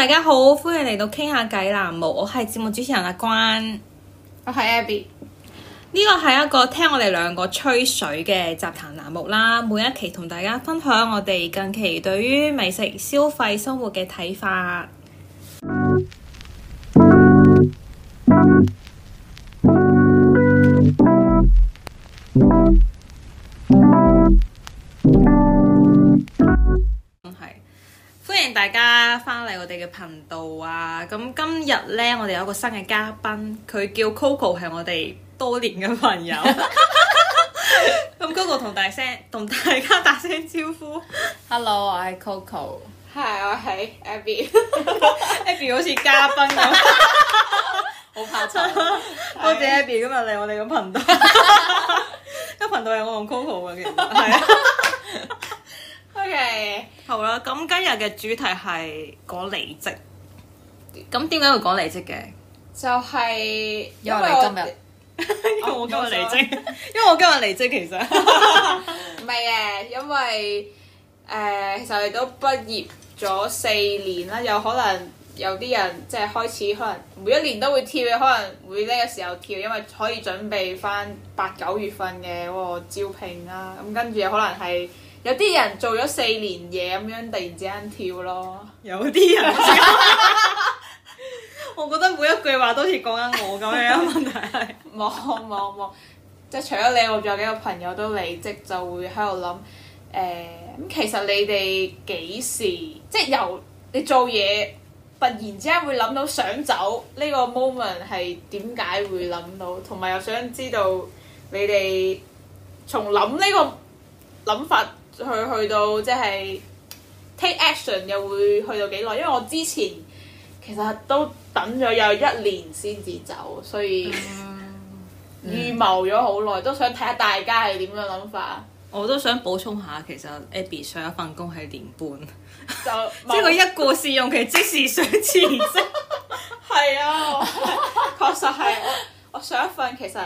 大家好，歡迎嚟到傾下偈欄目，我係節目主持人阿關，我係 Abby，呢個係一個聽我哋兩個吹水嘅雜談欄目啦，每一期同大家分享我哋近期對於美食消費、生活嘅睇法。咧、so，我哋有一個新嘅嘉賓，佢叫 and Coco，係我哋多年嘅朋友。咁 Coco 同大聲同大家打聲招呼。Hello，我係 Coco。係，我係 Abby。Abby 好似嘉賓咁，好怕醜。多謝 Abby 今日嚟我哋嘅頻道。個頻道係我同 Coco 嘅，係啊。OK 好啦，咁今日嘅主題係講離職。咁點解會講離職嘅？就係因為，因為今日， 因為我今日離職， 因為我今日離職其實唔係嘅，因為誒、呃，其實你都畢業咗四年啦，有可能有啲人即係開始可能每一年都會跳，可能會呢個時候跳，因為可以準備翻八九月份嘅個招聘啦。咁跟住可能係有啲人做咗四年嘢咁樣，突然之間跳咯，有啲人。 我覺得每一句話都似講緊我咁 樣問題。 冇冇冇，即係除咗你，我仲有幾個朋友都離職，就會喺度諗。誒、欸，咁其實你哋幾時，即係由你做嘢，突然之間會諗到想走呢個 moment 係點解會諗到，同埋又想知道你哋從諗呢個諗法去去到即係 take action，又會去到幾耐？因為我之前。其實都等咗有一年先至走，所以預、嗯、謀咗好耐，都想睇下大家係點樣諗法。我都想補充下，其實 Abbie 上一份工係年半，就 即係佢一過試用期即時想辭職。係 啊， 確實係 我上一份其實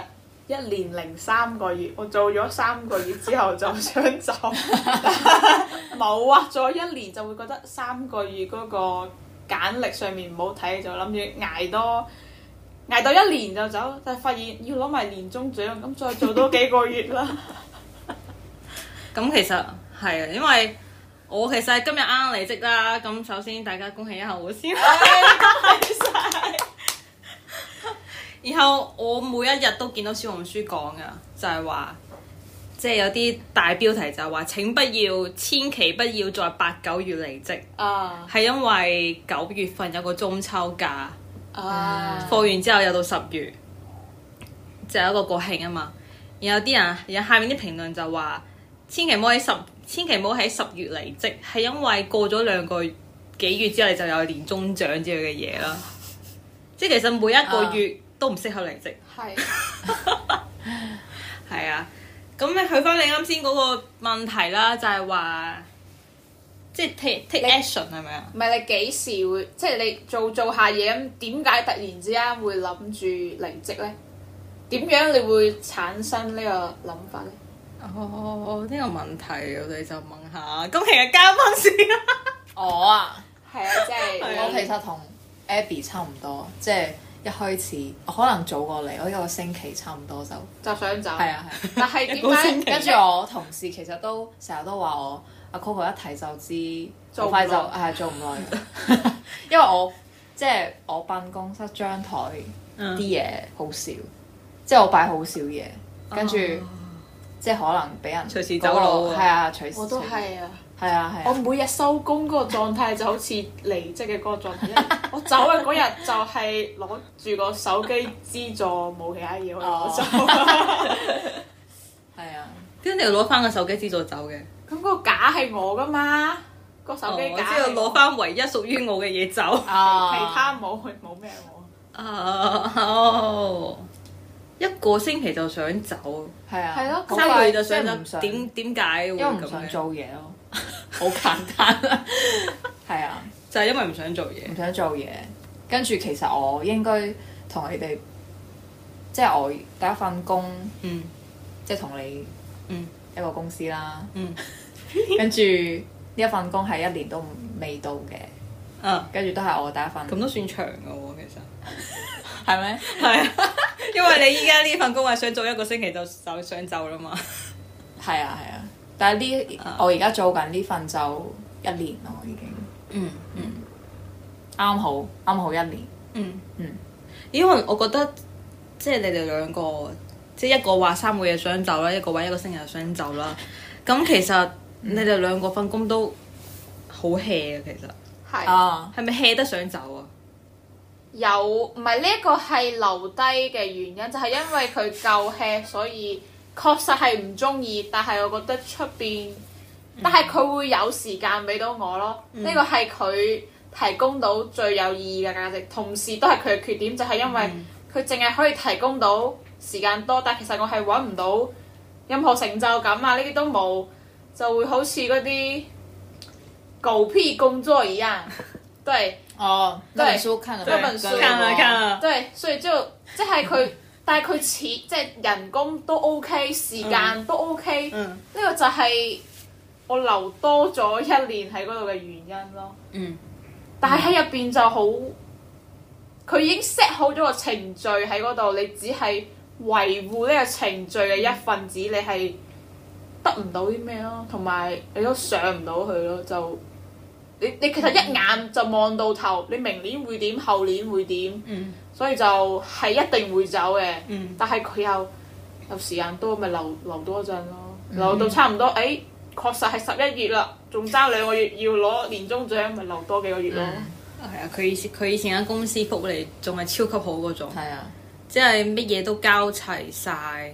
一年零三個月，我做咗三個月之後就想走，冇 啊，做一年就會覺得三個月嗰、嗰個。簡歷上面唔好睇，就諗住捱多捱到一年就走，就發現要攞埋年終獎，咁再做多幾個月啦。咁 其實係啊，因為我其實今日啱啱離職啦。咁首先大家恭喜一下我先，然 後我每一日都見到小紅書講㗎，就係話。即係有啲大標題就係話：請不要，千祈不要再八九月離職。啊，係因為九月份有個中秋假，放、uh, 嗯、完之後又到十月，就有、是、一個國慶啊嘛。然後啲人，然後下面啲評論就話：千祈唔好喺十，千祈唔好喺十月離職，係因為過咗兩個幾月之後你就有年終獎之類嘅嘢啦。Uh, 即係其實每一個月都唔適合離職。係、uh。 係啊。咁、嗯、你去翻你啱先嗰個問題啦，就係、是、話、就是、你即係 take action 係咪啊？唔係你幾時會即係你做做下嘢咁？點解突然之間會諗住離職咧？點樣你會產生個呢個諗法咧？哦，呢、這個問題我哋就問下。咁其實交翻先啦。 我啊，係啊，即、就、係、是、 我其實同 Abby 差唔多，即係。一開始可能早過嚟，我一個星期差唔多就就想走，係啊係。但係點解跟住我同事其實都成日都話我，阿 Coco 一睇就知好快就係做唔耐，因為我即係我辦公室張台啲嘢好少，即係我擺好少嘢，跟住即係可能俾人隨時走佬，係啊，隨時我都係啊。係啊！我每日收工嗰個狀態就好似離職嘅嗰個狀態。我走嘅嗰日就係攞住個手機資助，冇其他嘢可以攞走。係啊，點解你要攞翻個手機資助走嘅？咁個架係我噶嘛？個手機架。我知道攞翻唯一屬於我嘅嘢走，其他冇冇咩我。哦，一個星期就想走，係啊，三日就想走，點點解因為唔想做嘢咯？好 簡單，係啊，就係因為唔想做嘢，唔想做嘢。跟住其實我應該同你哋，即係我第一份工，嗯，即係同你，嗯，一個公司啦，嗯。跟住呢一份工係一年都未到嘅，嗯、啊。跟住都係我第一份，咁都算長噶、哦，其實係咪？係 啊 是嗎， 因為你依家呢份工係想做一個星期就就想走啦嘛，係 啊，係啊。但係呢，uh, 我而家做緊呢份就一年咯，已經。嗯 嗯，啱、嗯、好啱好一年。嗯嗯，因為我覺得，即係你哋兩個，即係一個話三個月想走啦，一個話一個星期又想走啦。咁 其實你哋兩個份工都好 hea 嘅，其實。係是。啊。係咪 hea 得想走啊？有，唔係呢一個係留低嘅原因，就係、是、因為佢夠 hea，所以。確實係唔鍾意，但係我覺得出邊，但係佢會有時間俾到我咯。呢個係佢提供到最有意義嘅價值，同時都係佢嘅缺點，就係、是、因為佢淨係可以提供到時間多，但其實我係揾唔到任何成就感啊！呢啲都冇，就會好似嗰啲狗屁工作一樣。對，哦，對，對對，看了看了看了，所以就即係佢。就是 但係佢似即係人工都 OK，時間都 OK，呢、嗯嗯、個就係我留多咗一年喺嗰度嘅原因咯。嗯。但係喺入邊就好，佢已經 set 好咗個程序喺嗰度，你只係維護呢個程序嘅一份子，嗯、你係得唔到啲咩咯？同埋你都上唔到去咯，就你你其實一眼就望到頭，你明年會點，後年會點？嗯。所以就係一定會走嘅，嗯、但係佢又有時間多咪留留多陣咯，嗯、留到差唔多，誒、哎、確實係十一月啦，仲爭兩個月要攞年終獎，咪留多幾個月咯。係、嗯、啊，佢以前佢以前間公司福利仲係超級好嗰種，啊，即係乜嘢都交齊晒，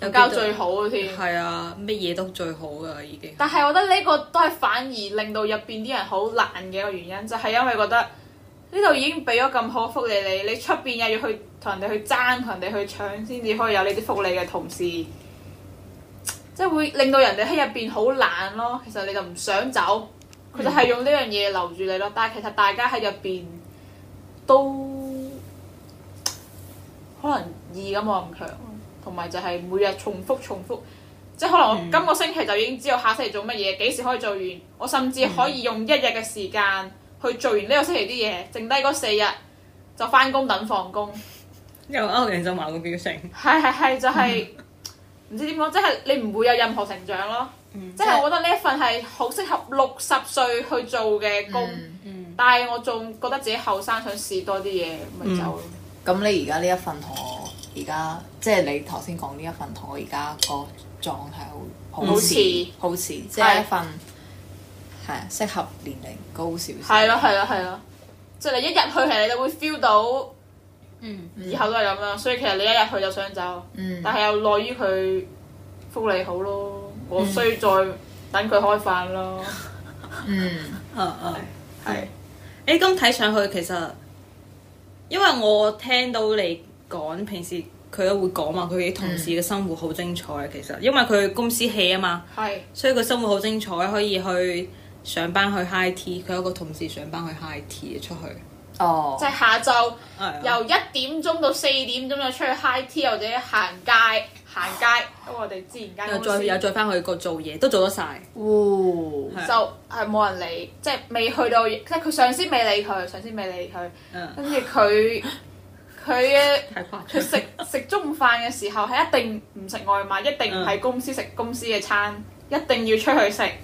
又交最好嘅添。係啊，乜嘢都最好噶已經。但係我覺得呢個都係反而令到入邊啲人好懶嘅一個原因，就係、是、因為覺得。呢度已經俾咗咁好福利你，你出邊又要去同人哋去爭，同人哋去搶先至可以有呢啲福利嘅同事，即係會令到人哋喺入邊好懶咯。其實你就唔想走，佢就係用呢樣嘢留住你咯。但係其實大家喺入邊都可能意感我唔強，同埋就係每日重複重複，即係可能我今個星期就已經知道下星期做乜嘢，幾時可以做完，我甚至可以用一日嘅時間，去做完呢個星期啲嘢，剩低嗰四日就翻工等放工，又歐陽震華嘅表情，係係係就係，是，唔 知點講，即，就，係，是、你唔會有任何成長咯，即係、嗯、我覺得呢一份係好適合六十歲去做嘅工，嗯嗯、但係我仲覺得自己後生想試多啲嘢咪就咯。咁、嗯、你而家呢一份同我而家，即，就，係，是、你頭先講呢一份同我而家個狀態好好似，好似即係一份。係啊，適合年齡高少少。係咯，係咯，係咯，即係你一入去係你會 feel 到，嗯，嗯嗯嗯，以後都係咁啦。所以其實你一入去就想走，嗯，但係又賴於佢福利好咯，我需再等佢開飯咯。嗯，嗯，嗯。 係、欸。誒，咁睇上去其實，因為我聽到你講平時佢都會講話，佢同事嘅生活好精彩。其實因為佢公司 hea 啊嘛，係對，對所以佢生活好精彩，可以去。上班去 high tea，佢有個同事上班去 high tea 出去，哦、oh.，即係下晝由一點鐘到四點鐘咁就出去 high tea 或者行街行街，咁、 哦、我哋自然間又再又再翻去個做嘢都做得晒，曬、oh. 是，就係冇人理，即、就、係、是、未去到即係佢上司未理佢，上司未理佢，跟住佢佢嘅，佢 食食中飯嘅時候係一定唔食外賣，一定唔喺公司食公司嘅餐，uh. 一定要出去食。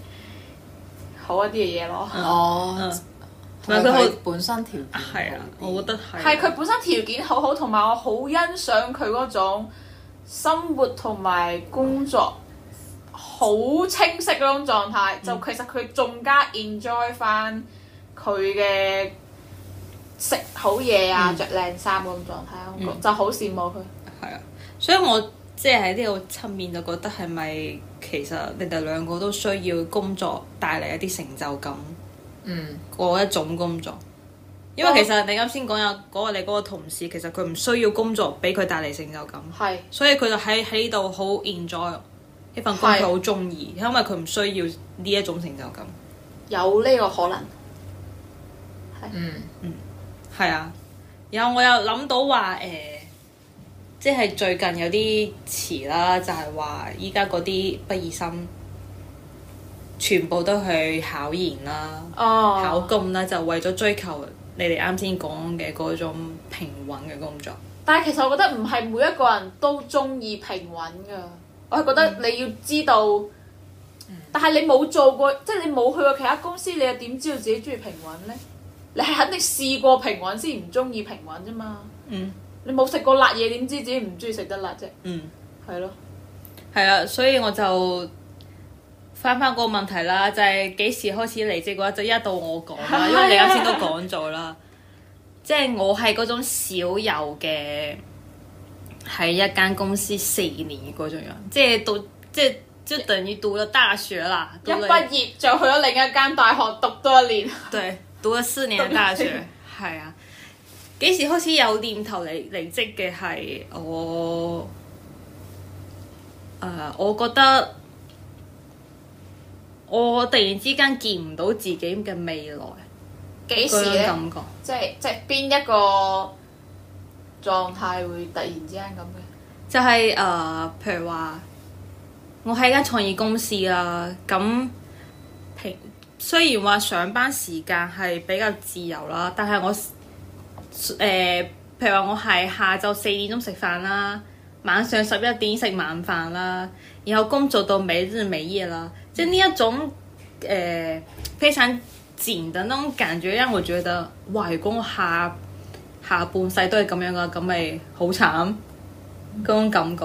好一啲嘅嘢咯，哦，同埋佢本身條件，係啊，我覺得係。係佢本身條件好好，同埋我好欣賞佢嗰種生活同埋工作好清晰嗰種狀態。嗯、就其實佢仲加 enjoy 翻佢嘅食好嘢啊，着靚衫嗰種狀態，我覺、嗯、就好羨慕佢。係、嗯嗯、啊，所以我即係喺呢個側面就覺得係咪？其實你哋兩個都需要工作帶嚟一啲成就感，嗯，嗰一種工作。嗯、因為其實你啱先講有嗰個你嗰個同事，其實佢唔需要工作俾佢帶嚟成就感，係是，所以佢就喺喺呢度好 enjoy 呢份工作，佢好中意，因為佢唔需要呢一種成就感。有呢個可能，係是，係、嗯嗯、啊。然後我又諗到話誒。欸即係最近有啲詞啦，就係話依家嗰啲畢業生全部都去考研啦，oh. 考公啦，就為咗追求你哋啱先講嘅嗰種平穩嘅工作。但係其實我覺得唔係每一個人都中意平穩噶，我係覺得你要知道，mm. 但係你冇做過，即係你冇去過其他公司，你又點知道自己中意平穩呢？你係肯定試過平穩先唔中意平穩啫嘛。嗯。Mm. 你冇食過辣嘢，點知自己唔中意食得辣啫？嗯，係咯的，係啊，所以我就翻翻嗰個問題啦，就係、是、幾時開始離職嘅話，就一到我講啦，因為你啱先都講咗啦，即係 我係嗰種少游嘅，喺一間公司四年嗰種人，即係到即係即等於讀咗大學啦，一畢業就去咗另一間大學讀多一年。對，讀咗四年大學，係啊 你。幾時開始有念頭嚟離職嘅係我？我覺得我突然之間見唔到自己嘅未來，幾時咧？嘅感覺？即係即係邊一個狀態會突然之間咁嘅？就係、是、誒、呃，譬如話我喺間創業公司啦，咁平雖然話上班時間係比較自由啦，但係我。誒、呃，譬如話我係下晝四點鐘食飯啦，晚上十一點食晚飯啦，然後工作到每日每夜啦，即係呢一種誒、呃、非常緊嘅那種感覺，因為我覺得外公下下半世都係咁樣噶，咁咪好慘嗰、mm hmm. 種感覺。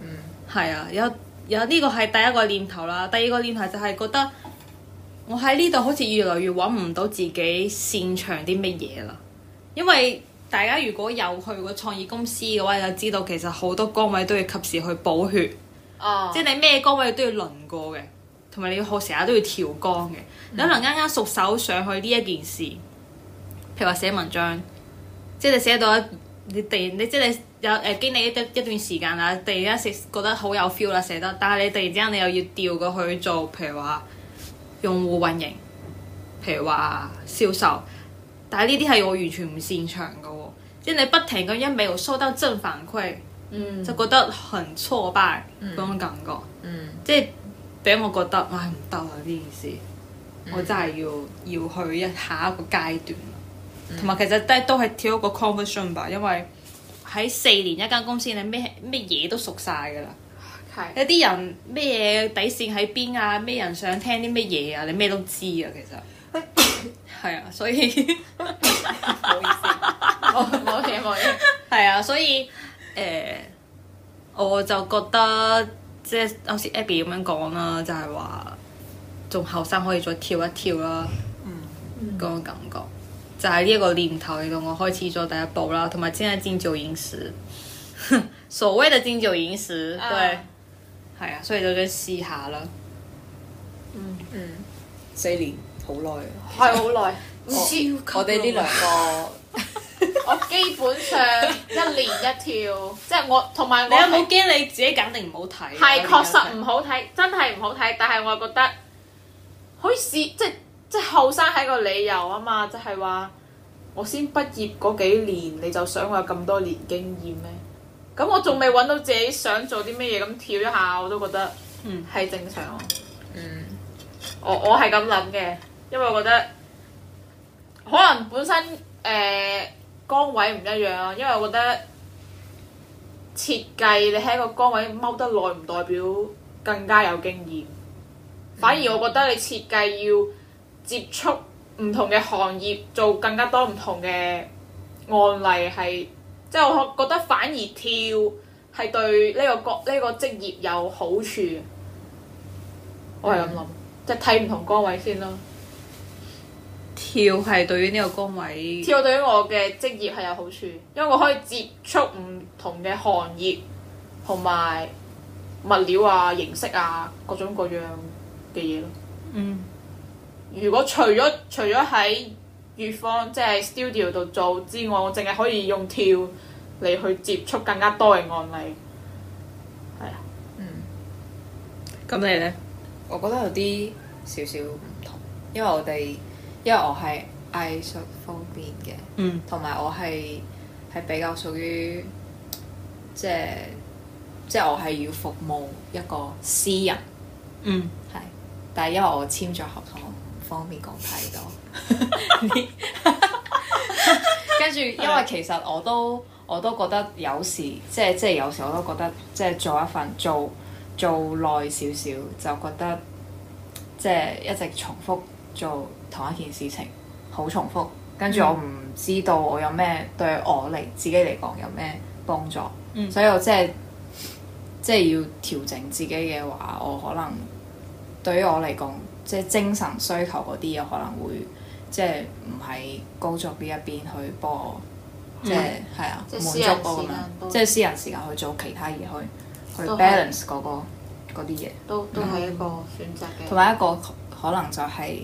嗯、mm，係、hmm. 啊，有有呢個係第一個念頭啦，第二個念頭就係覺得我喺呢度好似越嚟越揾唔到自己擅長啲乜嘢啦。因為大家如果有去過創意公司嘅話，就知道其實好多崗位都要及時去補血，啊，oh. 即係你咩崗位都要輪過嘅，同埋你要成日都要調崗嘅。Mm. 你可能啱啱熟手上去呢一件事，譬如話寫文章，即係你寫到一，你突然你即係你有誒經歷一一段時間啦，突然間覺得好有 feel 啦，寫得，但係你突然之間你又要調過去做譬如話用戶運營，譬如話銷售。但係呢啲係我完全唔擅長嘅喎、哦，即係 你不停咁一味昧受到正反饋，嗯、就覺得很挫敗嗰、嗯、種感覺，嗯嗯、即係俾我覺得，唉、哎、唔得啊！呢件事，嗯、我真係要要去一下一個階段。同埋、嗯、其實都係跳一個 conversion 吧，因為喺四年一間公司，你咩咩嘢都熟晒㗎啦。係對有啲人咩嘢底線喺邊啊？咩人想聽啲乜嘢啊？你咩都知啊，其實。 係啊， 所以，唔好意思，我冇嘢冇嘢。係啊，所以誒，我就覺得即係好似 Abby 咁樣講啦，就係話仲後生可以再跳一跳啦。嗯，嗰、嗯、個感覺就係呢一個念頭令到我開始咗第一步啦，同埋真係金九銀十，所謂嘅金九銀十，對，係啊，所以就想試下啦。嗯嗯，四、嗯、年。好耐，係好耐。 我哋呢級兩個， 我基本上一年一跳，即、就、係、是、我同埋你有冇驚你自己揀定唔好睇？係確實唔好睇，真係唔好睇。但係我覺得可以試，即係即後生係個理由啊嘛，即係話我先畢業嗰幾年，你就想我有咁多年經驗咩？咁我仲未揾到自己想做啲咩嘢，咁跳一下我都覺得，嗯，係正常。嗯，我我係咁諗嘅。因為我覺得可能本身誒、呃、崗位唔一樣啊。因為我覺得設計你喺個崗位踎得耐唔代表更加有經驗，嗯、反而我覺得你設計要接觸唔同嘅行業，做更加多唔同嘅案例，係即係我覺得反而跳係對呢個崗呢、呢個職業有好處。嗯、我係咁諗，即係睇唔同崗位先咯。跳係對於呢個崗位，跳對於我嘅職業係有好處，因為我可以接觸唔同嘅行業同埋物料啊、形式啊各種各樣嘅嘢咯。嗯，如果除咗除咗喺乙方即係 studio 度做之外，我淨係可以用跳嚟去接觸更加多嘅案例，係啊。嗯，咁你呢？我覺得有啲少少唔同，因為我哋。因為我係藝術方面嘅，同埋、嗯、我係係比較屬於即係即係我係要服務一個私人，嗯，係。但係因為我簽咗合同，唔方便講太多。跟住，因為其實我都我都覺得有時即係即係有時我都覺得即係做一份做做耐少少就覺得即係一直重複。做同一件事情好重複，跟住我唔知道我有咩對我嚟自己嚟講有咩幫助，嗯、所以我即係即係要調整自己嘅話，我可能對於我嚟講，即、就、係、是、精神需求嗰啲嘢可能會即係唔係高咗邊一邊去幫我，即係係啊，滿即是 足多咁樣，即係私人時間去做其他嘢去去 balance 嗰是、那個嗰啲嘢，都都係一個選擇嘅，同埋、嗯、一個。可能就係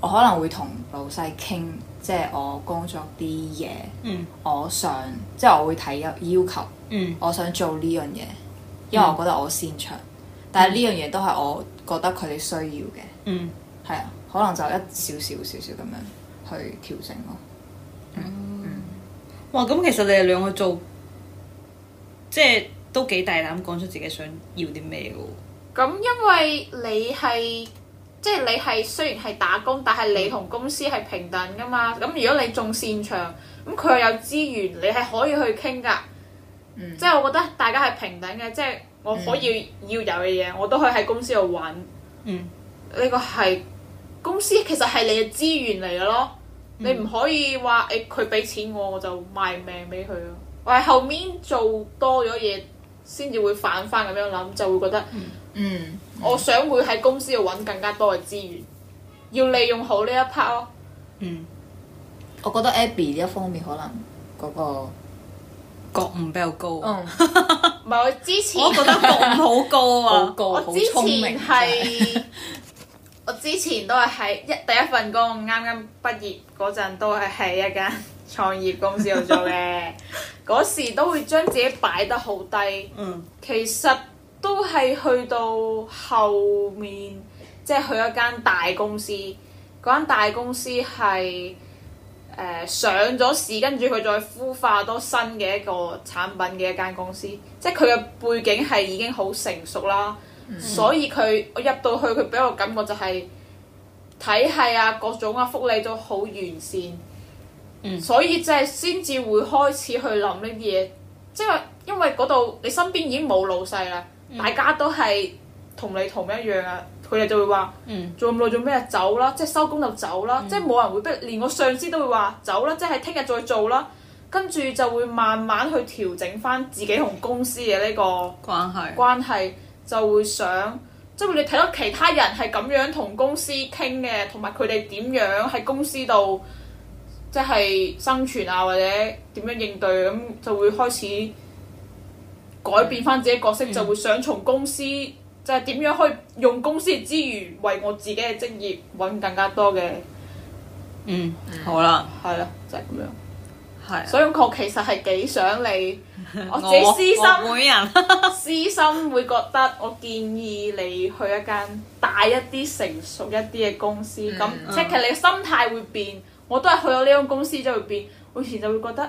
我可能會同老細傾，即係我工作啲嘢，嗯、我想即係我會睇要求，嗯、我想做呢樣嘢，因為我覺得我擅長，嗯、但係呢樣嘢都係我覺得佢哋需要嘅，嗯，係啊，可能就一少少少少咁樣去調整咯。哇，咁其實你哋兩個做，即係都幾大膽講出自己想要啲咩嘅喎。咁因為你係。即係你係雖然係打工，但係你同公司係平等噶嘛。咁如果你仲擅長，咁佢又有資源，你係可以去傾噶。嗯、即係我覺得大家係平等嘅，即係我可以要有嘅嘢，嗯、我都可以喺公司度揾。呢、嗯、個係公司其實係你嘅資源嚟嘅咯。嗯、你唔可以話誒，佢、欸、俾錢我，我就賣命俾佢咯。我係後面做多咗嘢，先至會反翻咁樣諗，就會覺得嗯。嗯我想會喺公司度揾更加多嘅資源，要利用好呢一 part 咯、哦。嗯，我覺得 Abbie 呢一方面可能嗰、嗰個覺悟比較高、嗯。唔係我之前，我覺得覺悟好高啊。好高。我之前係 得、啊，我之前都係喺一第一份工，啱啱畢業嗰陣都係喺一間創業公司度 做嘅，嗰時都會將自己擺得好低。嗯，其實。都係去到後面，即係去一間大公司。嗰間大公司係誒、呃、上咗市，跟住佢再孵化多新嘅一個產品嘅一間公司。即係佢嘅背景係已經好成熟啦，嗯、所以佢我入到去，佢俾我感覺就係、是、體系啊、各種啊、福利都好完善。嗯、所以即係先至會開始去諗呢啲嘢，即係因為嗰度你身邊已經冇老細啦。嗯、大家都係同你同一樣啊！佢哋就會話、嗯、做咁耐做咩走啦，即係收工就走啦，嗯、即係冇人會逼，連我上司都會話走啦，即係聽日再做啦。跟住就會慢慢去調整返自己同公司嘅呢個關係係，關係就會想即係你睇到其他人係咁樣同公司傾嘅，同埋佢哋點樣喺公司度即係生存啊，或者點樣應對咁就會開始。改變翻自己角色，嗯、就會想從公司就係、是、點樣去用公司資源為我自己嘅職業揾更加多嘅。嗯，好啦，係啦，就係、是、咁樣。係的。所以我其實係幾想你，我自己私心，每 我人， 私心會覺得我建議你去一間大一啲、成熟一啲嘅公司。咁、嗯，即係其實你嘅心態會變，嗯、我都係去到呢種公司就會變。我以前就會覺得。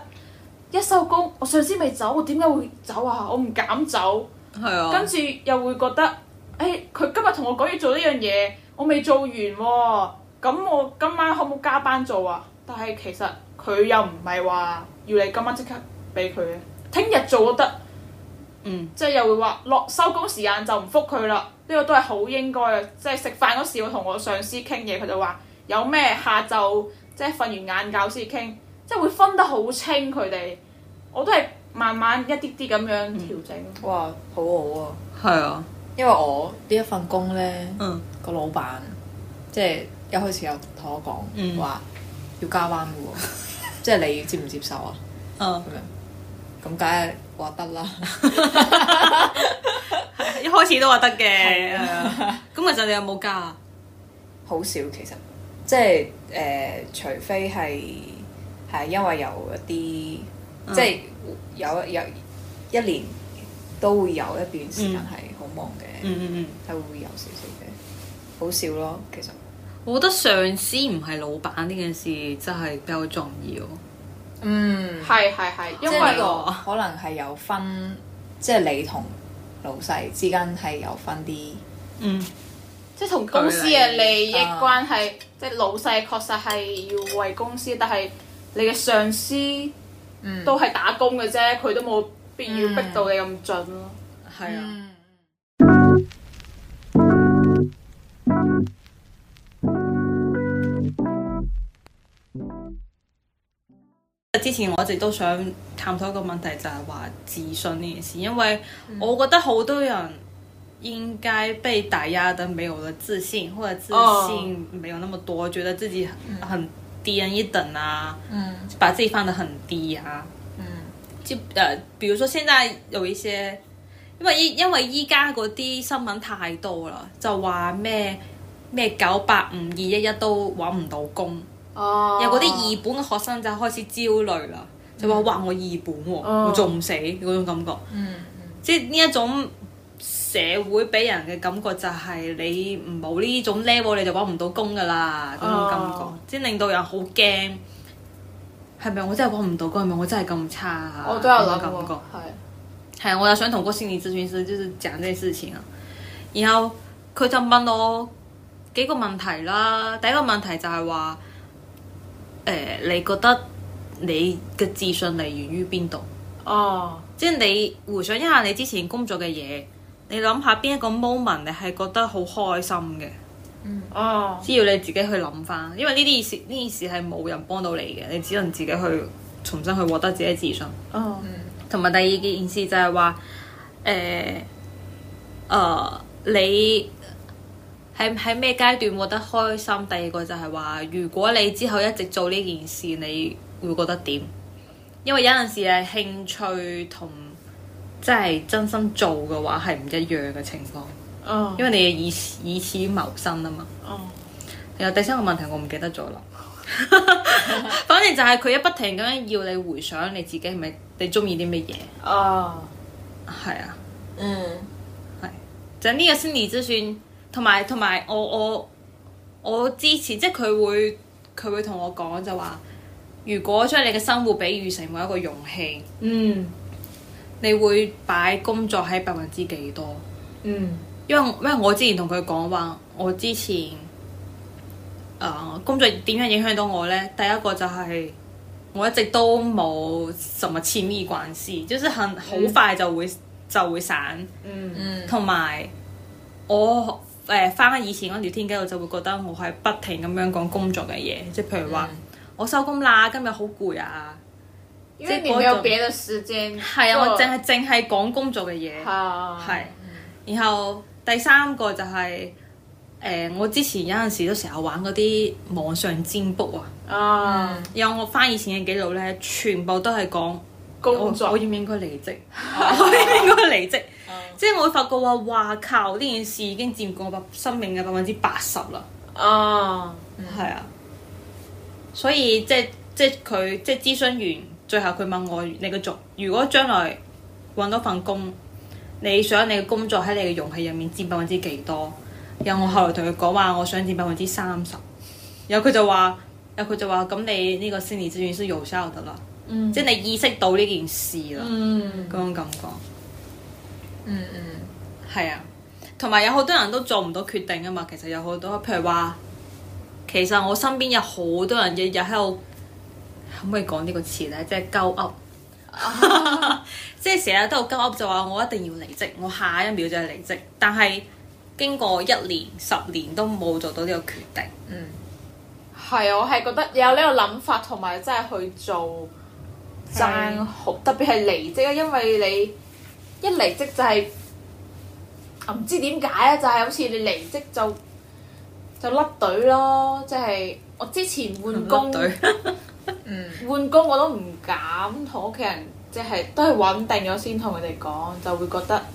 一收工，我上司未走，我點解會走啊？我唔敢走，啊、跟住又會覺得，誒、哎，佢今日同我講要做呢樣嘢，我未做完喎、哦，咁我今晚可唔可以加班做啊？但係其實佢又唔係話要你今晚即刻俾佢嘅，聽日做都得，嗯，即係又會話落收工時間就唔覆佢啦。呢、這個都係好應該啊。即係食飯嗰時我同我上司傾嘢，佢就話有咩下晝即係瞓完晏覺先傾。即係會分得好清佢哋，我都係慢慢一啲啲咁樣調整、嗯。哇，好好 啊！係啊，因為我呢一份工咧，個 老闆即係一開始有同我講話要加班嘅喎， 哦、即係你要接唔接受啊？咁、嗯、樣咁梗係話得啦。 一開始都話得嘅，咁 其實你有冇加啊？好少其實，即係誒、呃，除非係。 係，因為有一啲、嗯、即係有有一年都會有一段時間係好忙嘅，係、嗯嗯嗯、會有少少嘅，好少咯。其實我覺得上司唔係老闆呢件事真係比較重要。嗯，係係係，因為可能係有分，即、就、係、係、你同老細之間係有分啲，嗯，即係同公司嘅利益關係。啊、即係老細確實係要為公司，但係。你嘅上司，都係打工嘅啫，佢、嗯、都冇必要逼到你咁盡咯。係、嗯、啊。嗯、之前我一直都想探討一個問題，就係、是、話自信呢件事，因為我覺得好多人應該被打壓得沒有咗自信，或者自信沒有那麼多，哦、覺得自己很，嗯低人一等啊，嗯、把自己放得很低啊，即、嗯，誒、呃，比如說現在有一些，因為依因為依家嗰啲新聞太多啦，就話咩咩九八五二一一都搵唔到工，哦，有嗰啲二本嘅學生就開始焦慮啦，就話、嗯、哇，我二本、啊，哦、我做唔死嗰種感覺，嗯，即係呢一種。社會俾人嘅感覺就係你唔冇呢種 level 你就揾唔到工噶啦，嗰種感覺，即令到人好驚，係咪？我真係揾唔到工，係咪？我真係咁差？我都有嗰種感覺，係係、oh. 我又想同個心理諮詢師就是講呢啲事情啊，oh. 然後佢就問我幾個問題啦，第一個問題就係話、呃，你覺得你嘅自信嚟源於邊度？哦，即係你回想一下你之前工作嘅嘢。你諗下邊一個 moment 你係覺得好開心嘅？嗯哦，只要你自己去諗翻，因為呢啲事呢件事係冇人幫到你嘅，你只能自己去重新去獲得自己嘅自信。哦、嗯，同埋、嗯、第二件事就係話，誒、呃，啊、呃，你喺喺咩階段獲得開心？第二個就係話，如果你之後一直做呢件事，你會覺得點？因為有陣時係興趣同，即係真心做嘅話，係唔一樣嘅情況。Oh. 因為你以以此謀生啊嘛。哦，然後第三個問題我唔記得咗啦。 反正就係佢一不停咁樣要你回想你自己係咪你中意啲乜嘢。哦，係啊。嗯，係是。嗯、就呢個先至就算，同埋同埋我我我支持，即係佢會佢會同我講就話，如果將你嘅生活比喻成為一個容器，嗯。Mm. 你會擺工作喺百分之幾多？嗯，因為因為我之前同佢講話，我之前，啊、呃、工作點樣影響到我咧？第一個就係、是、我一直都冇什麼潛意慣事，就是很好快就會、嗯、就會散。嗯嗯，同、嗯、埋我誒翻翻以前嘅聊天記錄，我就會覺得我係不停咁樣講工作嘅嘢，即係、嗯嗯、譬如話、嗯、我收工啦，今日好攰啊。即係你冇有別嘅時間，係啊，我淨係淨係講工作嘅嘢，係。然後第三個就係，誒，我之前有陣時都成日玩嗰啲網上占卜啊。啊！有我翻以前嘅記錄咧，全部都係講工作，我應唔應該離職？我應唔應該離職？即係我會發覺話，哇靠！呢件事已經佔過我生命嘅百分之八十啦。啊，係啊。所以即係即係佢即係諮詢員。最後佢問我：你個總如果將來揾到份工，你想你嘅工作喺你嘅容器入面佔百分之幾多？有我後來同佢講話，我想佔百分之三十。有佢就話，有佢就話，咁你呢個心理資源先用先又得啦。即係你意識到呢件事啦。嗯，嗰種感覺。嗯嗯，係啊，同埋有好多人都做唔到決定啊嘛。其實有好多，譬如話，其實我身邊有好多人日日喺度。可唔可以講呢個詞咧？即係鳩噏，即係成日都有鳩噏，就話我一定要離職，我下一秒就係離職。但係經過一年、十年都冇做到呢個決定。嗯，係啊，我係覺得有呢個諗法，同埋真係去做賺好，是特別係離職啊，因為你一離職就係、是，唔知點解啊？就係、是、好似你離職就就甩隊咯，即、就、係、是、我之前換工。脫隊 換工我都唔敢同屋企人，即係都係穩定咗先同佢哋講，就會覺得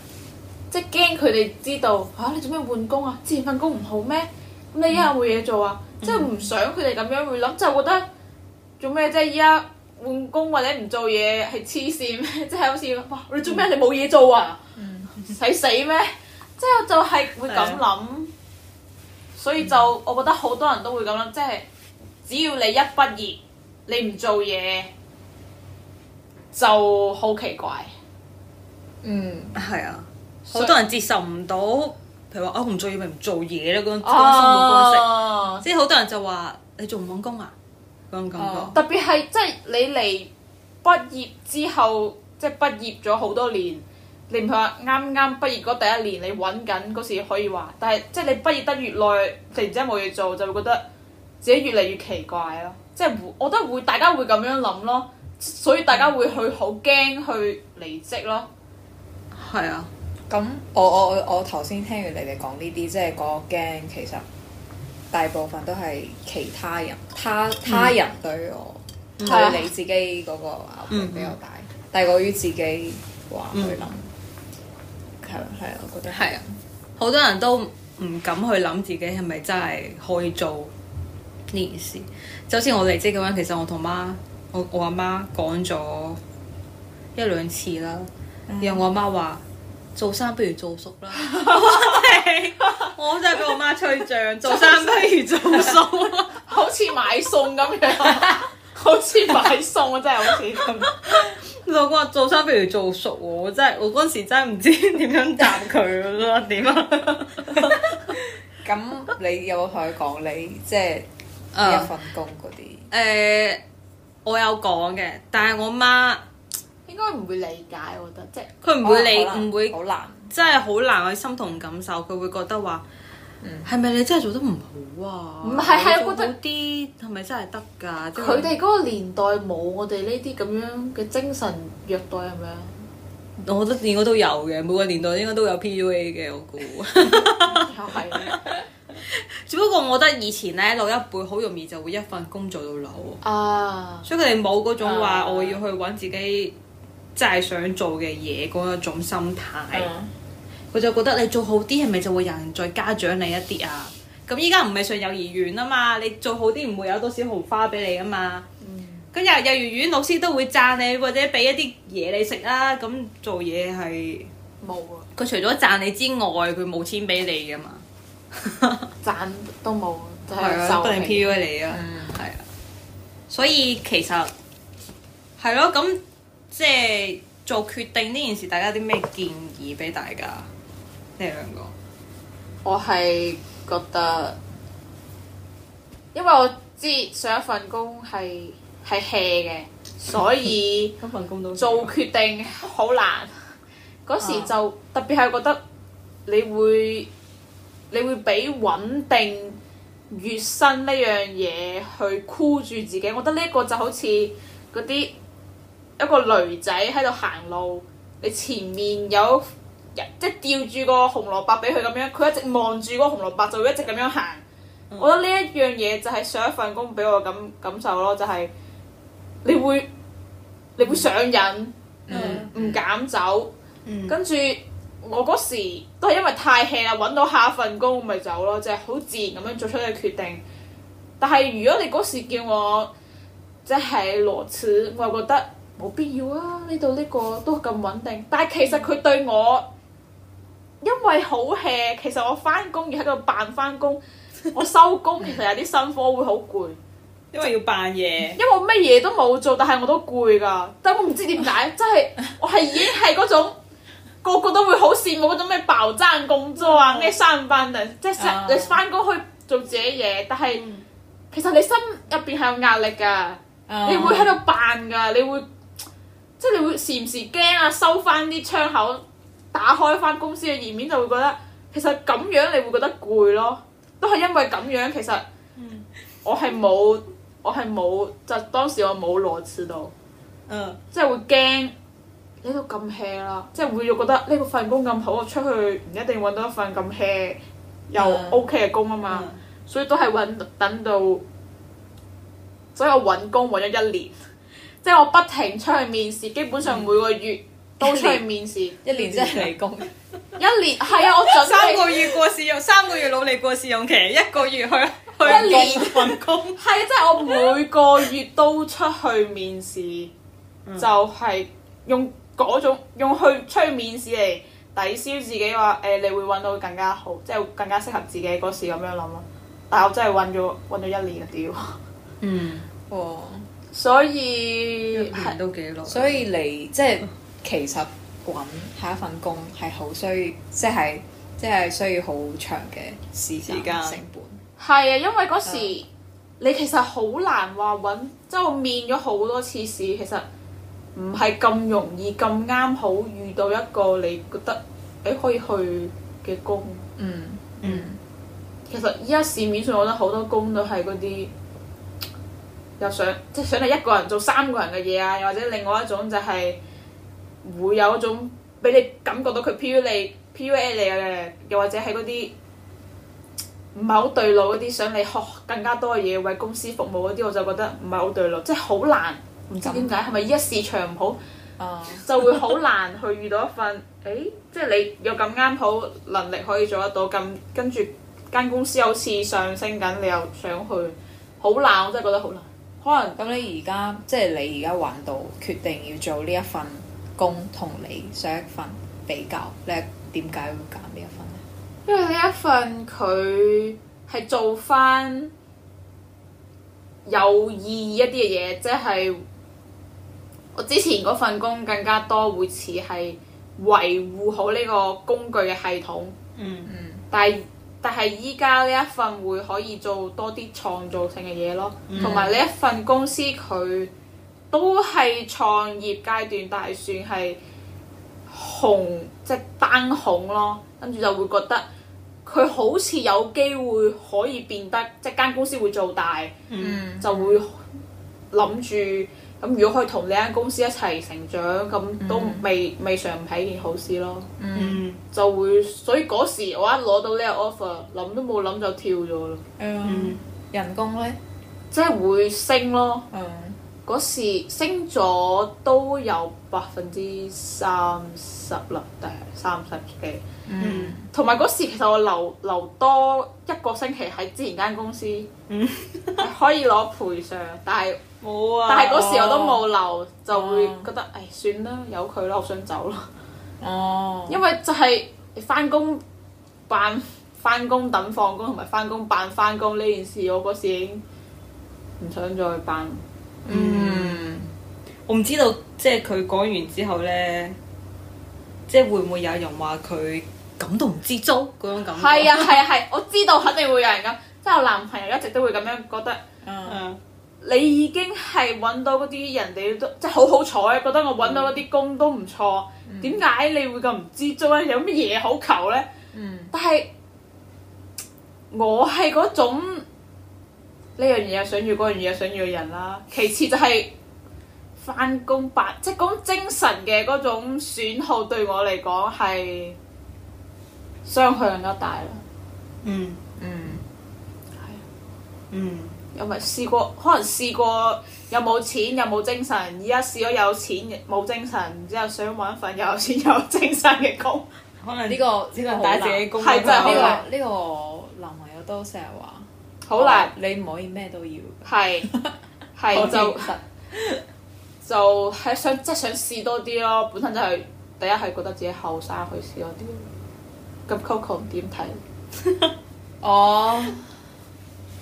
即係驚佢哋知道吓你做咩換工啊？之前份工唔好咩？咁你依家有冇嘢做啊？即係唔想佢哋咁樣會諗，就覺得做咩啫？依家換工或者唔做嘢係黐線咩？即係好似哇你做咩、嗯、你冇嘢做啊？使、嗯、死咩？即係 我就係會咁諗，了所以就我覺得好多人都會咁諗，即係只要你一畢業。你唔做嘢就好奇怪，嗯，係啊，好多人接受唔到，譬如話我唔做嘢咪唔做嘢咯，嗰種嗰種生活方式。啊、即係好多人就話你做唔揾工啊，嗰種感覺。啊、特別係即係你嚟畢業之後，即係畢業咗好多年，你唔係話啱啱畢業嗰第一年你揾緊嗰時可以話，但係即係你畢業得越耐，突然之間冇嘢做，就會覺得自己越嚟越奇怪咯。即係我覺得會大家會咁樣諗咯，所以大家會去好驚去離職咯。係啊，咁我我我頭先聽完你哋講呢啲，即係個驚，其實大部分都係其他人，他他人對我係、嗯啊、你自己嗰個壓力比較大，大過於自己話去諗。係、嗯、啊，係啊，啊，我覺得係啊，好多人都唔敢去諗自己係咪真係可以做。呢件事，就好似我離職咁樣，其實我同媽，我我阿媽講咗一兩次啦。嗯、然後我阿媽話：做生不如做熟啦。 我真係，我真係俾我媽吹脹，做生不如做熟，好似買餸咁樣， 好似買餸 我真係好似。老公話：做生不如做熟喎，我真係我嗰陣時真係唔知點樣答佢咯。點啊？咁你有冇同佢講你即？即係一份工嗰啲，誒，我有講嘅，但係我媽應該唔會理解，我覺得，即係佢唔會理，唔會好難，真係好難去心同感受，佢會覺得話，係咪你真係做得唔好啊？唔係係，覺得啲，係咪真係得㗎？佢哋嗰個年代冇我哋呢啲咁樣嘅精神虐待係咪啊？我覺得應該都有嘅，每個年代應該都有 PUA 嘅，我估。真係。只不過我覺得以前咧，老一輩好容易就會一份工做到老，啊、所以佢哋冇嗰種話我要去揾自己真係想做嘅嘢嗰一種心態。佢、啊、就覺得你做好啲係咪就會有人再加獎你一啲啊？咁依家唔係上幼兒園啊嘛，你做好啲唔會有多少毫花俾你啊嘛。咁又幼兒園老師都會讚你或者俾一啲嘢你食啦。咁做嘢係冇啊。佢有除咗讚你之外，佢冇錢俾你噶嘛。賺 都冇，係啊 對，都係 P U A 嚟啊，係啊， 所以其實係咯，咁即係做決定呢件事，大家有啲咩建議俾大家？你兩個，我係覺得，因為我知上一份工係係 hea 嘅，所以做決定好難。嗰 時就特別係覺得你會。你會俾穩定月薪呢樣嘢去箍住自己，我覺得呢一個就好似嗰啲一個驢仔喺度行路，你前面有即係吊住個紅蘿蔔俾佢咁樣，佢一直望住個紅蘿蔔就會一直咁樣行。嗯、我覺得呢一樣嘢就係上一份工俾我嘅感感受咯，就係、是、你會你會上癮，唔唔、嗯、減走，嗯、跟住。我嗰時都係因為太 hea 啦，揾到下份工咪走咯，即係好自然咁樣做出嘅決定。但係如果你嗰時叫我即係裸辭，我就覺得冇必要啊！呢度呢個都咁穩定，但係其實佢對我因為好 hea，其實我返工而喺度扮返工，我收工其實有啲辛苦會好攰，因為要扮嘢。因為我乜嘢都冇做，但係我都攰㗎。但係我唔知點解，即係 我係已經係嗰種。個個都會好羨慕嗰種咩爆爭工作啊，咩三、嗯、班輪，即係你翻工去做自己嘢，但係其實你心入邊係有壓力㗎、嗯，你會喺度扮㗎，你會即係你會時唔時驚啊，收翻啲窗口，打開翻公司嘅頁面就會覺得其實咁樣你會覺得攰咯，都係因為咁樣其實我係冇我係冇就當時我冇裸辭到，嗯，即係會驚。喺度咁 hea 啦，即係會覺得呢個份工咁好，我出去唔一定揾到一份咁 hea 又 OK 嘅工啊嘛，嗯嗯、所以都係揾等到，所以我揾工揾咗一年，即係我不停出去面試，基本上每個月都出去面試，嗯、 一年即係嚟工。 一年係啊，我 三個月過試用，三個月努力過試用期，一個月去去揾份年工。係啊， 即係我每個月都出去面試，嗯、就係用。嗰種用去出去面試嚟抵消自己話誒、欸，你會揾到更加好，即係更加適合自己嗰時咁樣諗咯。但係我真係揾咗揾咗一年，屌！嗯，哇、哦！所以，一年都幾耐，所以你，即係，嗯，其實揾下一份工係好需要，即係即係需要好長嘅時時間，時間成本。係啊，因為嗰時、呃、你其實好難話揾，即係我面咗好多次試，其實。唔係咁容易咁啱好遇到一個你覺得誒可以去嘅工。嗯嗯，嗯，其實依家市面上我覺得好多工都係嗰啲又想即係想你一個人做三個人嘅嘢啊，又或者另外一種就係、是、會有一種俾你感覺到佢 PUA 你 PUA 你嘅，又或者係嗰啲唔係好對路嗰啲，想你學更加多嘅嘢為公司服務嗰啲，我就覺得唔係好對路，即係好難。唔知點解，係咪一市場唔好，uh, 就會好難去遇到一份誒， 即係你有咁啱好能力可以做得到咁，跟住間公司有次上升緊，你又想去，好難，我真係覺得好難。可能咁，就是、你而家即係你而家揾到決定要做呢一份工，同你上一份比較，你點解會揀呢一份咧？因為呢一份佢係做返有意義一啲嘅嘢，即係。我之前嗰份工更加多會似係維護好呢個工具嘅系統，嗯嗯，但係但係依家呢一份會可以做多啲創造性嘅嘢咯，同埋呢一份公司佢都係創業階段，但係算係紅即係單紅咯，跟住就會覺得佢好似有機會可以變得即係間公司會做大，嗯，就會諗住。咁如果佢同你間公司一齊成長，咁都未、嗯、未嘗唔係一件好事咯，嗯、就會所以嗰時我一攞到呢個 offer，諗都冇諗就跳咗啦。哎、呀嗯，人工咧，即係會升咯。嗯，嗰時升咗都有百分之三十啦，誒，三十幾。嗯。同埋嗰時其實我留留多一個星期喺之前間公司，嗯、 可以攞賠償，但係。但係嗰時我都冇留，哦、就會覺得、嗯、唉，算啦，由佢啦，我想走啦。哦，因為就係翻工扮翻工等放工，同埋翻工扮翻工呢件事，我嗰時已經唔想再扮。嗯，嗯，我唔知道，即係佢講完之後呢，即、就、係、是、會唔會有人話佢咁都唔知足嗰種感覺？係啊係啊係、啊啊啊，我知道肯定會有人咁，即係我男朋友一直都會咁樣覺得。嗯。你已經係揾到嗰啲人哋都即係好好彩，覺得我揾到嗰啲工都唔錯。點解、嗯、你會咁唔知足咧？有乜嘢好求咧？嗯、但係我係嗰種呢樣嘢想要，嗰樣嘢想要嘅人啦。其次就係翻工白，即係講精神嘅嗰種損耗對我嚟講係傷害更加大啦、嗯。嗯、哎、呀嗯，係嗯。有咪係試過，可能試過又冇錢又冇精神，而家試咗有錢冇精神，然之後想揾份有錢有精神嘅工，可能呢、只能打自己工。係真係呢個呢說個男朋、這個、友都成日話好難，你唔可以咩都要，係係就 是就係想即係、就是、想試多啲咯，本身就係、是、第一係覺得自己後生去試多啲，咁 Coco 點睇？我。 oh,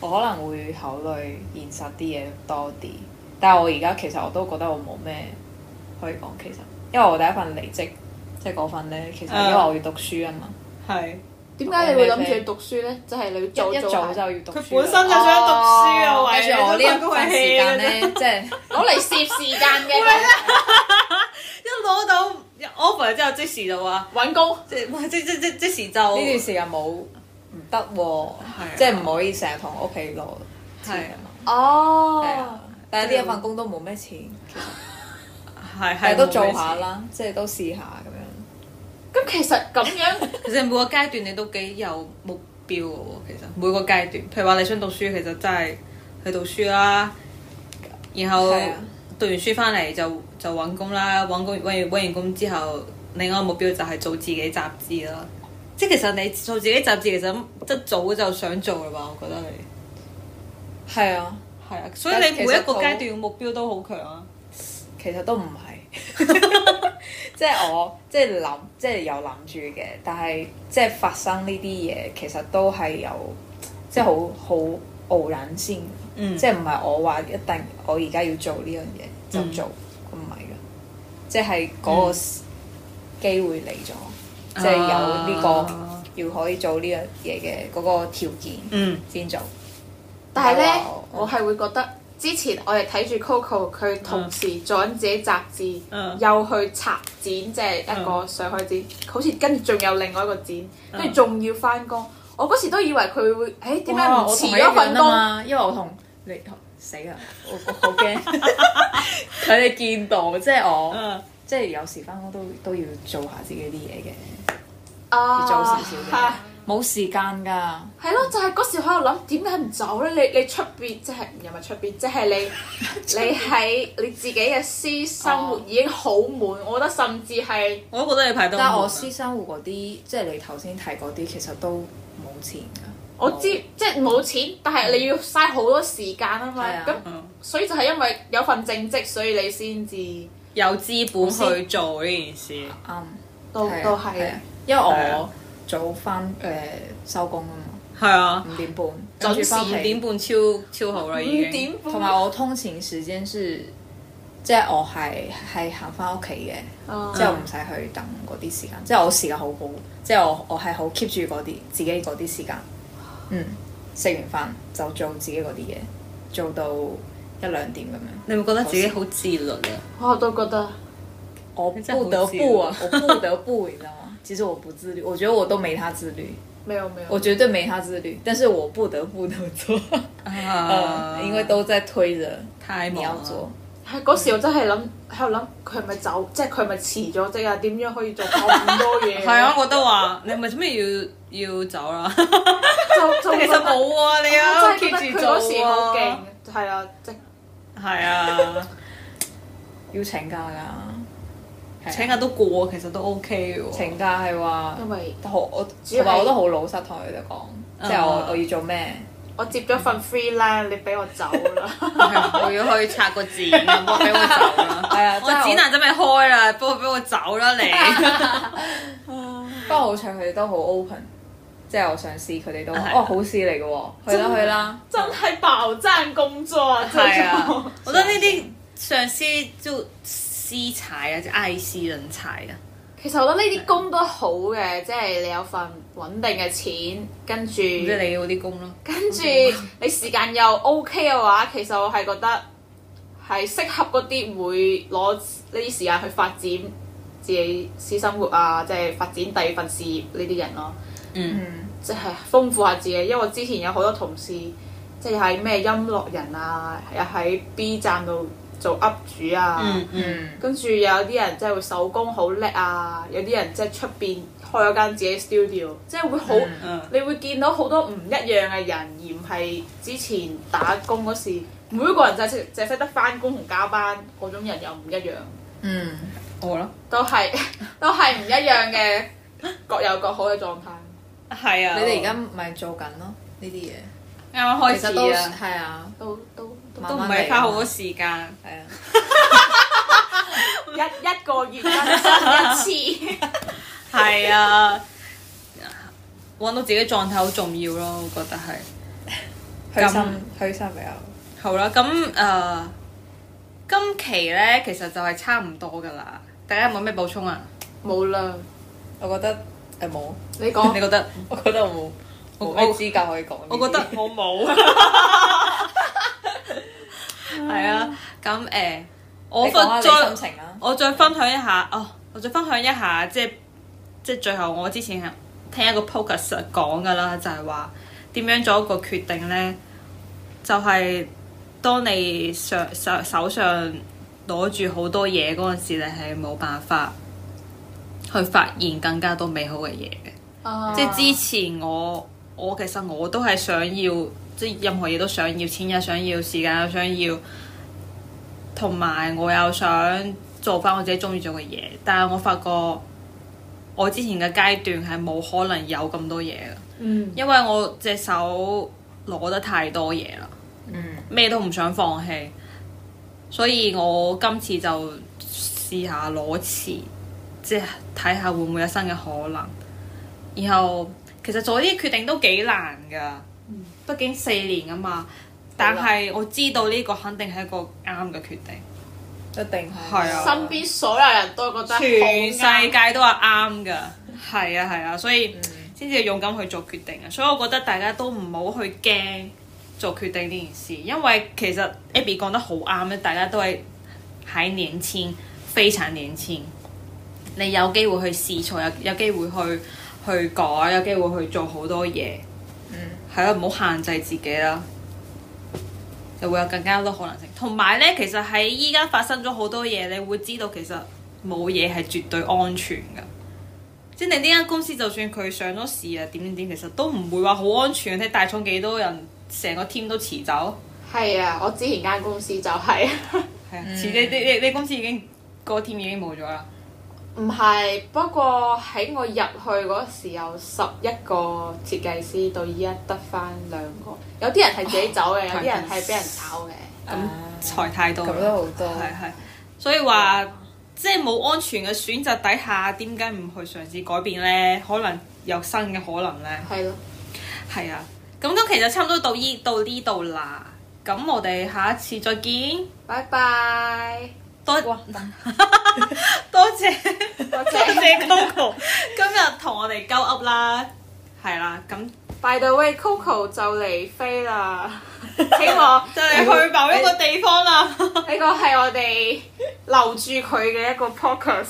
我可能會考慮現實啲嘢多啲，但係我而家其實我都覺得我冇咩可以講。其實，因為我第一份離職即係嗰份咧，其實因為我要讀書啊嘛。係點解你會諗住去讀書咧？就係你做一早就要讀書，本身就想讀書，跟住我呢一份時間咧，即係攞嚟攝時間嘅。一攞到 offer 之後，即時就話搵工，即即即即即時就呢段時間冇。唔得喎，啊啊、即係唔可以成日同屋企攞錢啊嘛。啊哦，啊、但係呢一份工都冇咩錢，係係、 啊、都做下啦，即係都試下咁樣。咁其實咁樣， 其實每個階段你都幾有目標喎。其實每個階段，譬如話你想讀書，其實真係去讀書啦。然後、啊、讀完書翻嚟就就揾工啦，揾工揾完揾完工之後，另外一個目標就係做自己雜誌啦。即係其實你做自己雜誌，其實即早就想做啦吧？我覺得你係啊，係啊，所以你每一個階段嘅目標都好強啊其。其實都唔係，即係 我即係諗，即係有諗住嘅，但係即係發生呢啲嘢，其實都係有即係好好偶然先。即係唔係我話一定我而家要做呢樣嘢就做，唔係嘅，即係嗰個機會嚟咗。嗯即係有呢、這個、啊、要可以做呢樣嘢嘅嗰個條件先做，嗯、但係呢，嗯、我係會覺得之前我哋睇住 Coco 佢同時做緊自己雜誌，嗯、又去策展，即係一個上海展，嗯、好似跟住仲有另外一個展，跟住仲要返工、嗯欸。我嗰時都以為佢會，誒點解唔辭咗份工？啊？因為我同你死啦，我我好驚佢哋見到，即係我。 即係有時返工都都要做下自己啲嘢嘅，oh, 要做少少嘅，冇 Yeah. 時間㗎。係咯，就係、是、嗰時喺度諗點解唔走咧？你你出邊即係又唔係出邊，即、就、係、是就是、你 面你喺你自己嘅私生活已經好悶。Oh. 我覺得甚至係我都覺得你排到，但係我私生活嗰啲，即、就、係、是、你頭先提嗰啲，其實都冇錢㗎。我知即係冇錢，嗯、但係你要嘥好多時間啊嘛。咁了所以就係因為有份正職，所以你先至。有資本去做呢件事，嗯，都對都係是嘅。因為我早返誒收工啊嘛，係、呃、啊，五點半準時，五點半超超好啦已經，同埋我通勤時間是，即、就、係、是、我係係行返屋企嘅，即係唔使去等嗰啲時間，即、就、係、是、我時間好好，即、就、係、是、我我係好 keep 住嗰啲自己嗰啲時間，嗯，食完飯就做自己嗰啲嘢，做到。一兩點咁樣，你會覺得自己好自律啊？我都覺得，我不得不，啊，我不得不，你知道嗎？其實我不自律，我覺得我都沒他自律，沒有沒有，我絕對沒他自律，但是我不得不咁做，因為都在推着，太忙，你要做。係嗰時我真係諗喺度諗，佢係咪走？即係佢係咪辭咗職啊？點樣可以做咁多嘢？係啊，我都話你係咪做咩要要走啦？其實冇啊，你啊佢嗰時好勁，係啊，係啊，要請假㗎，請假都過，其實都 OK 喎。請假係話，因為我我我我都好老實同佢哋講，即係我我要做咩？我接咗份 free line，你俾我走啦！我要去拆個字，我俾我走啦！係啊，個展覽準備開啦，不過我俾我走啦你。不過好彩佢哋都好 open。即係我上司，佢哋都哦好事嚟嘅，去啦去啦，真係爆讚工作。啊！係啊，我覺得呢啲上司就私財啊，即係 I C 人財啊。其實我覺得呢啲工都好嘅，即係你有份穩定嘅錢，跟住即係你嗰啲工咯。跟住、嗯、你時間又 O K 嘅話，其實我係覺得係適合嗰啲會攞呢啲時間去發展自己私生活啊，即係發展第二份事業呢啲人咯。Mm hmm. 嗯，即係豐富下自己。因為我之前有好多同事，即係喺咩音樂人啊，又喺 B 站度做 up 主啊，mm hmm. 跟住有啲人即係會手工好叻啊，有啲人即係出邊開咗間自己 studio，即係會好，mm hmm. 你會見到好多唔一樣嘅人，而唔係之前打工嗰時，每一個人就係識淨係識得翻工同加班嗰種人又唔一樣。嗯、mm，我、hmm. 咯，都係都係唔一樣嘅， 各有各好嘅狀態。係啊！你哋而家咪做緊咯呢啲嘢，啱啱開始都啊！係啊，都都都唔係花好多時間，係啊，一一個月更新一次，係 啊，搵到自己狀態好重要咯，我覺得係。開 心，樣心未有？啊、好啦、啊，咁誒、呃，今期咧其實就係差唔多噶啦，大家有冇咩補充啊？冇啦，我覺得。誒，冇你講說，你覺得？ 我覺得我冇冇咩資格可以講。我覺得我冇，係啊。咁誒，我分再我再分享一下 哦，我再分享一下，即係即係最後我之前係聽一個 podcast 講㗎啦，就係話點樣做一個決定咧，就係、是、當你上上手上攞住好多嘢嗰陣時，你係冇辦法。去發現更加多美好嘅嘢嘅，oh. 即係之前我我其實我都係想要，即任何嘢都想要，錢又想要，時間又想要，同埋我又想做翻我自己中意做嘅嘢。但係我發覺我之前嘅階段係冇可能有咁多嘢嘅，mm. 因為我隻手攞得太多嘢啦，咩、mm. 都唔想放棄，所以我今次就試下攞錢。即係睇下會唔會有新嘅可能，然後其實做呢啲決定都幾難㗎，嗯、畢竟四年啊嘛。但係我知道呢個肯定係一個啱嘅決定，一定係。啊，身邊所有人都覺得，全世界都話啱㗎，係 啊係啊，啊，所以先至、嗯、勇敢去做決定啊。所以我覺得大家都唔好去驚做決定呢件事，因為其實 Abbie 講得好啱咧，大家都係喺年輕，非常年輕。你有機會去試錯，有有機會去去改，有機會去做好多嘢。嗯，係啊，唔好限制自己啦，就會有更加多可能性。同埋呢，其實喺依家發生咗好多嘢，你會知道其實冇嘢係絕對安全噶。即係你呢間公司，就算佢上咗市啊，點點點，其實都唔會話好安全。你大廠幾多人，成個 team 都辭走。係啊，我之前間公司就係、係。 啊，你你你你，你公司已經、個 team 已經冇咗啦。唔係，不過喺我入去嗰時候有十一個設計師，到依家得翻兩個。有啲人係自己走嘅，呃、有啲人係俾人炒嘅。咁財、呃、太多好多，係係。所以話、嗯、即係冇安全嘅選擇底下，點解唔去嘗試改變呢？可能有新嘅可能呢？係咯，係啊。咁咁、啊、其實差唔多到呢到呢度啦。咁我哋下一次再見，拜拜。多 多謝 Okay. 多謝 Coco，今日同我哋鳩噏啦，係啦。咁 By the way，Coco 就嚟飛啦，呢個就嚟去某一個地方啦。呢個係我哋留住佢嘅一個 focus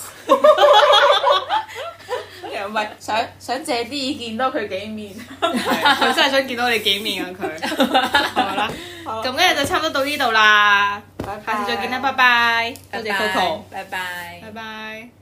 又唔係想想借啲意見多佢幾面，佢 真係想見到我哋幾面啊！佢好啦，咁今日就差唔多到呢度啦。下次再見啦，拜拜，多謝 Coco，拜拜，拜拜。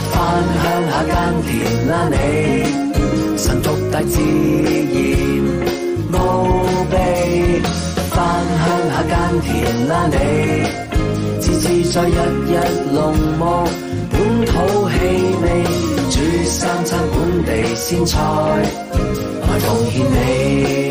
返鄉下耕田啦你，神從大自然奧秘。返鄉下耕田啦你，自自在日日農務，本土氣味煮三餐本地鮮菜，來奉獻你。